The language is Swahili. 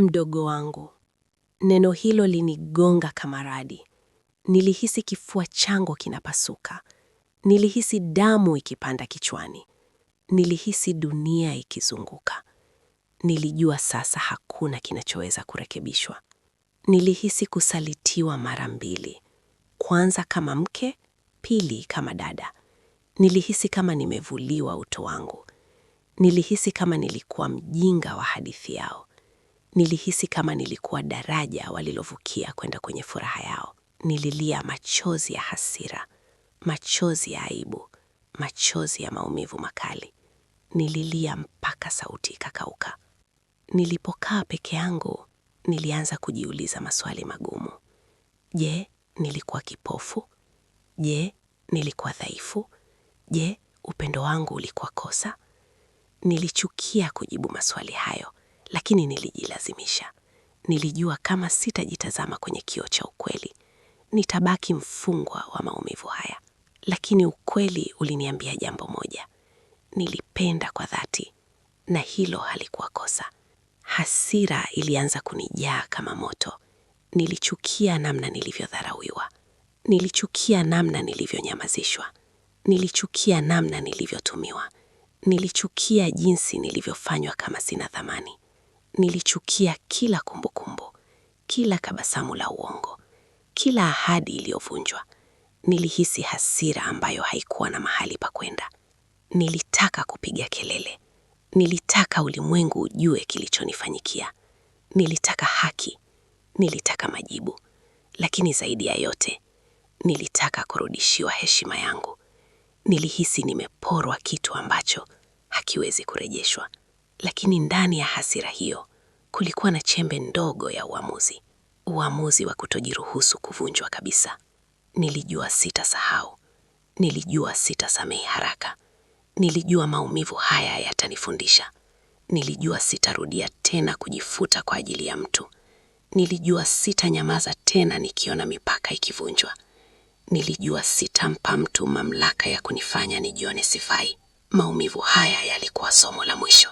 mdogo wangu. Neno hilo linigonga kama radi. Nilihisi kifua changu kinapasuka. Nilihisi damu ikipanda kichwani. Nilihisi dunia ikizunguka. Nilijua sasa hakuna kinachoweza kurekebishwa. Nilihisi kusalitiwa mara mbili. Kwanza kama mke, pili kama dada. Nilihisi kama nimevuliwa uto wangu. Nilihisi kama nilikuwa mjinga wa hadithi yao. Nilihisi kama nilikuwa daraja walilovukia kwenda kwenye furaha yao. Nililia machozi ya hasira, machozi ya aibu, machozi ya maumivu makali. Nililia mpaka sauti ikakauka. Nilipokaa peke yangu, nilianza kujiuliza maswali magumu. Je, nilikuwa kipofu? Je, nilikuwa dhaifu? Je, upendo wangu ulikuwa kosa? Nilichukia kujibu maswali hayo lakini nilijilazimisha. Nilijua kama sitajitazama kwenye kioo cha ukweli, nitabaki mfungwa wa maumivu haya. Lakini ukweli uliniambia jambo moja: nilipenda kwa dhati, na hilo halikuwa kosa. Hasira ilianza kunijaa kama moto. Nilichukia namna nilivyodharauiwa, nilichukia namna nilivyonyamazishwa, nilichukia namna nilivyotumiwa, nilichukia jinsi nilivyofanywa kama sina thamani. Nilichukia kila kumbukumbu, kila tabasamu la uongo, kila ahadi iliyovunjwa. Nilihisi hasira ambayo haikuwa na mahali pa kwenda. Nilitaka kupiga kelele. Nilitaka ulimwengu ujue kilichonifanyikia. Nilitaka haki. Nilitaka majibu. Lakini zaidi ya yote, nilitaka kurudishiwa heshima yangu. Nilihisi nimeporwa kitu ambacho hakiwezi kurejeshwa lakini ndani ya hasira hiyo kulikuwa na chembe ndogo ya uamuzi, uamuzi wa kutojiruhusu kuvunjwa kabisa. Nilijua sitasahau, nilijua sitasamehe haraka, nilijua maumivu haya yatanifundisha, nilijua sitarudia tena kujifuta kwa ajili ya mtu, nilijua sitanyamaza tena nikiona mipaka ikivunjwa, nilijua sitampa mtu mamlaka ya kunifanya nijione sifai. Maumivu haya yalikuwa somo la mwisho.